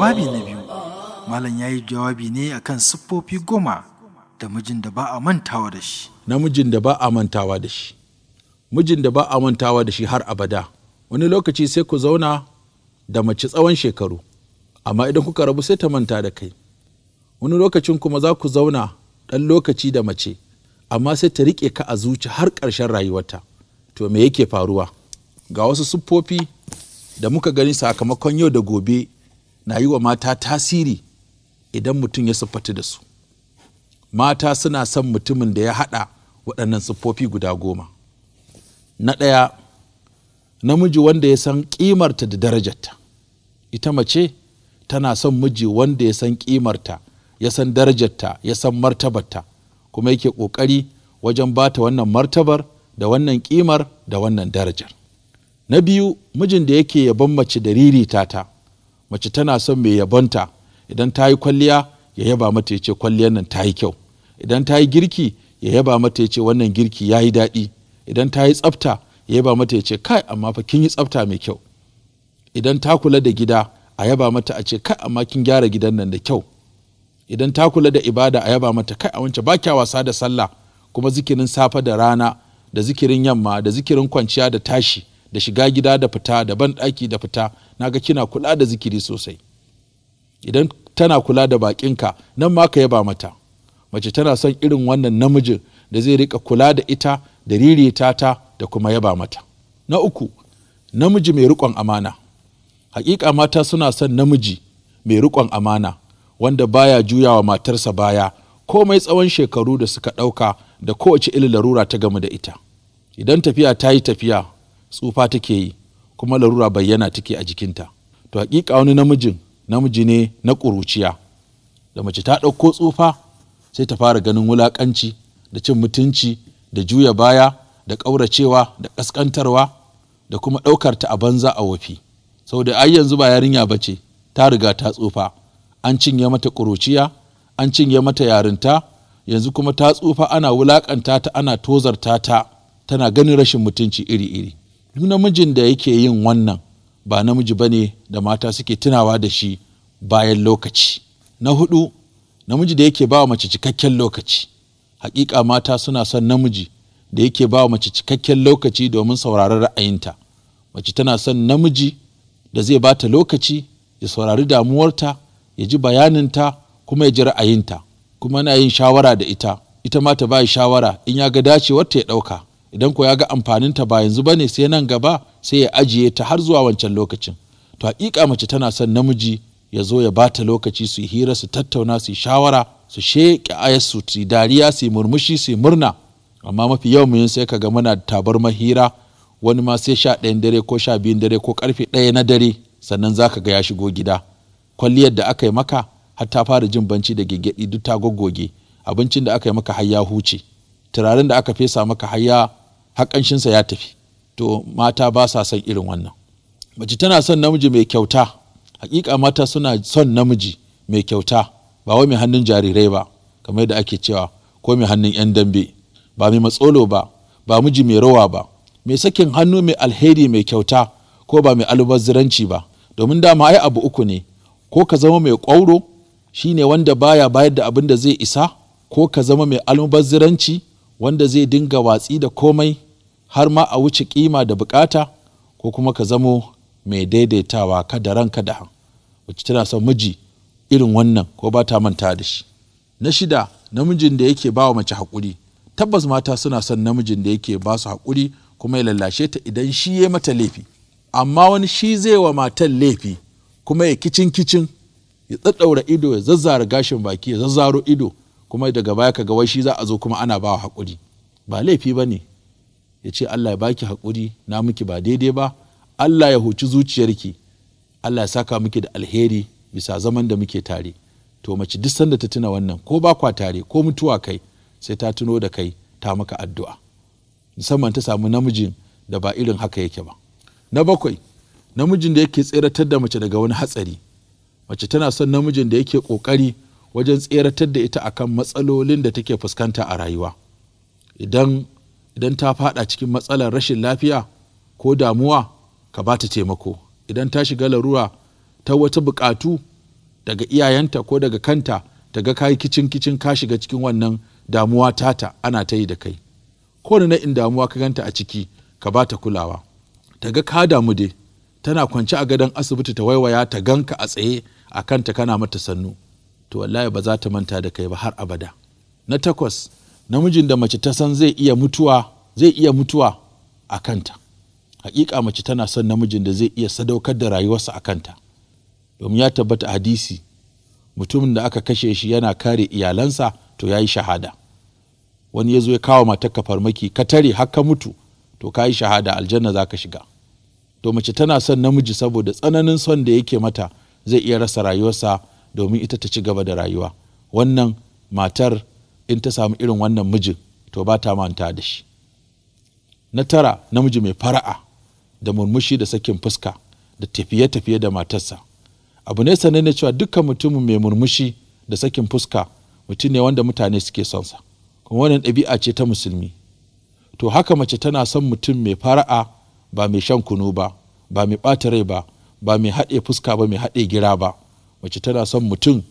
babi na biyu malam ya yi jawabi ne akan siffofi goma da mijin da ba a mantawa da shi Na mijin da ba a mantawa da shi mijin da ba a mantawa da shi har abada wani lokaci sai ku zauna da mace tsawon shekaru amma idan kuka rabu sai ta manta da kai wani lokacin kuma za ku zauna ɗan lokaci da mace amma sai ta riƙe ka a zuci har ƙarshen rayuwarta to me yake faruwa ga wasu siffofi da muka gani sakamakon yau da gobe na yi wa mata tasiri idan mutum ya siffatu da su mata suna son mutumin da ya haɗa waɗannan siffofi guda goma na ɗaya namiji wanda ya san ƙimarta da darajarta ita mace tana son miji wanda ya san ƙimarta ya san darajarta ya san martabarta kuma yake ƙoƙari wajen ba ta wannan martabar da wannan ƙimar da wannan darajar na biyu mijin da yake yaban mace da ririta ta mace tana son mai yabonta idan ta yi kwalliya ya yaba mata ya ce kwalliyar nan ta yi kyau idan ta yi girki ya yaba mata ya ce wannan girki ya yi daɗi idan ta yi tsafta ya yaba mata ya ce kai amma fa kin yi tsafta mai kyau idan ta kula da gida a yaba mata a ce kai amma kin gyara gidan nan da kyau idan ta kula da ibada a yaba mata kai a wancan ba kya wasa da sallah kuma zikirin safe da rana da zikirin yamma da zikirin kwanciya da tashi da shiga gida da fita da ban ɗaki da fita Na ga kina kula da zikiri sosai idan tana kula da ka nan ma ka yaba mata mace tana son irin wannan namijin da zai rika kula da ita da ririta ta da kuma yaba mata na uku namiji mai riƙon amana hakika mata suna son namiji mai riƙon amana wanda baya juyawa matarsa baya komai tsawon shekaru da suka ɗauka da kowace irin ta gamu da ita idan tafiya ta yi tafiya tsufa take yi kuma larura bayyana take a jikinta to hakika wani namijin namiji ne na ƙuruciya da mace ta ɗauko tsufa sai ta fara ganin wulaƙanci da cin mutunci da juya baya da ƙauracewa da ƙasƙantarwa da kuma ɗaukar ta a banza a wafi saboda ai yanzu ba yarinya ba ce ta riga ta tsufa an cinye mata ƙuruciya an cinye mata yarinta yanzu kuma ta tsufa ana wulaƙanta ta ana tozarta ta tana ganin rashin mutunci iri-iri duk namijin da yake yin wannan ba namiji ba ne da mata suke tunawa da shi bayan lokaci na hudu namiji da yake ba mace cikakken lokaci hakika mata suna son namiji da yake ba mace cikakken lokaci domin sauraron ra'ayinta mace tana son namiji da zai ba ta lokaci ya saurari damuwarta ya ji bayaninta kuma ya ji ra'ayinta kuma na yin shawara da ita ita ma ta ba shawara in ya ga dacewarta ya ɗauka idan ko ya ga amfaninta ba yanzu ba ne sai nan gaba sai ya ajiye ta har zuwa wancan lokacin to haƙiƙa mace tana son namiji ya zo ya bata lokaci su hira su tattauna su shawara su sheƙi ayar su dariya su murmushi su murna amma mafi yawan mu sai ka ga muna tabar mahira wani ma sai sha ɗayan dare ko sha biyun dare ko karfe ɗaya na dare sannan za ka ga ya shigo gida kwalliyar da aka yi maka har ta fara jin banci da gegedi duk ta goggoge abincin da aka yi maka har huce turaren da aka fesa maka har haƙanshinsa ya tafi to mata ba sa son irin wannan mace tana son namiji mai kyauta hakika mata suna son namiji mai kyauta ba wai mai hannun jarirai ba kamar da ake cewa ko mai hannun 'yan dambe ba mai matsolo ba ba miji mai rawa ba mai sakin hannu mai alheri mai kyauta ko ba mai albaziranci ba domin dama ai abu uku ne ko ka zama mai shi shine wanda baya bayar da abin da zai isa ko ka zama mai albaziranci wanda zai dinga watsi da komai har ma a wuce kima da bukata ko kuma ka zamo mai daidaitawa ka da ranka da han wacce tana son miji irin wannan ko ba ta manta da shi na shida namijin da yake ba wa mace haƙuri tabbas mata suna son namijin da yake ba su haƙuri kuma ya lallashe ta idan shi ya mata laifi amma wani shi zai wa matan laifi kuma ya kicin kicin ya tsaddaura ido ya zazzara gashin baki ya zazzaro ido kuma daga baya ka ga wai shi za a zo kuma ana ba wa haƙuri ba laifi ba ne ya ce Allah ya baki hakuri na miki ba daidai ba Allah ya huci zuciyarki Allah ya saka miki da alheri bisa zaman da muke tare to mace duk sanda ta tuna wannan ko ba kwa tare ko mutuwa kai sai ta tuno da kai ta maka addu'a musamman ta samu namijin da ba irin haka yake ba na bakwai namijin da yake tseratar da mace daga wani hatsari mace tana son namijin da yake kokari wajen tseratar da ita akan matsalolin da take fuskanta a rayuwa idan idan ta fada cikin matsalar rashin lafiya ko damuwa ka ba ta taimako idan ta shiga larura ta wata bukatu daga iyayenta ko daga kanta ta ga kayi kicin kicin ka shiga cikin wannan damuwa tata ana ta yi da kai ko na in damuwa ka ganta a ciki ka ba ta kulawa ta ka damu dai tana kwance a gadon asibiti ta waiwaya ta ganka a tsaye a kanta kana mata sannu to wallahi ba za ta manta da kai ba har abada na takwas namijin da mace ta san zai iya mutuwa zai iya mutuwa a kanta hakika mace tana son namijin da zai iya sadaukar da rayuwarsa a kanta domin ya tabbata hadisi mutumin da aka kashe shi yana kare iyalansa to ya yi shahada wani ya zo ya kawo ka farmaki ka tare har ka mutu to ka yi shahada aljanna za ka shiga to mace tana son namiji saboda tsananin son da yake mata zai iya rasa rayuwarsa domin ita ta ci gaba da rayuwa wannan matar in ta samu irin wannan mijin to ba ta manta da shi na tara namiji mai fara'a da murmushi da sakin fuska da tafiye-tafiye da matarsa abu ne ne cewa dukkan mutumin mai murmushi da sakin fuska mutum ne wanda mutane suke son sa kuma wannan ɗabi'a ce ta musulmi to haka mace tana son mutum mai fara'a ba mai shan kunu ba ba mai ɓata rai ba ba mai haɗe fuska ba mai haɗe gira ba mace tana son mutum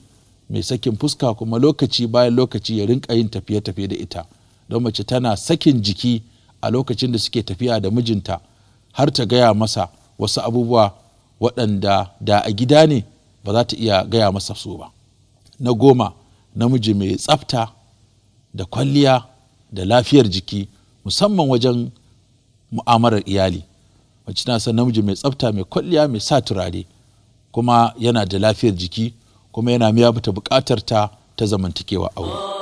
mai sakin fuska kuma lokaci bayan lokaci ya rinka yin tafiye-tafiye da ita don mace tana sakin jiki a lokacin da suke tafiya da mijinta har ta gaya masa wasu abubuwa waɗanda da a gida ne ba za ta iya gaya masa su ba na goma namiji mai tsafta da kwalliya da lafiyar jiki musamman wajen mu'amalar iyali mace tana san namiji mai tsafta mai kwalliya mai sa turare kuma yana da lafiyar jiki kuma yana miya ta bukatar ta ta zamantakewa aure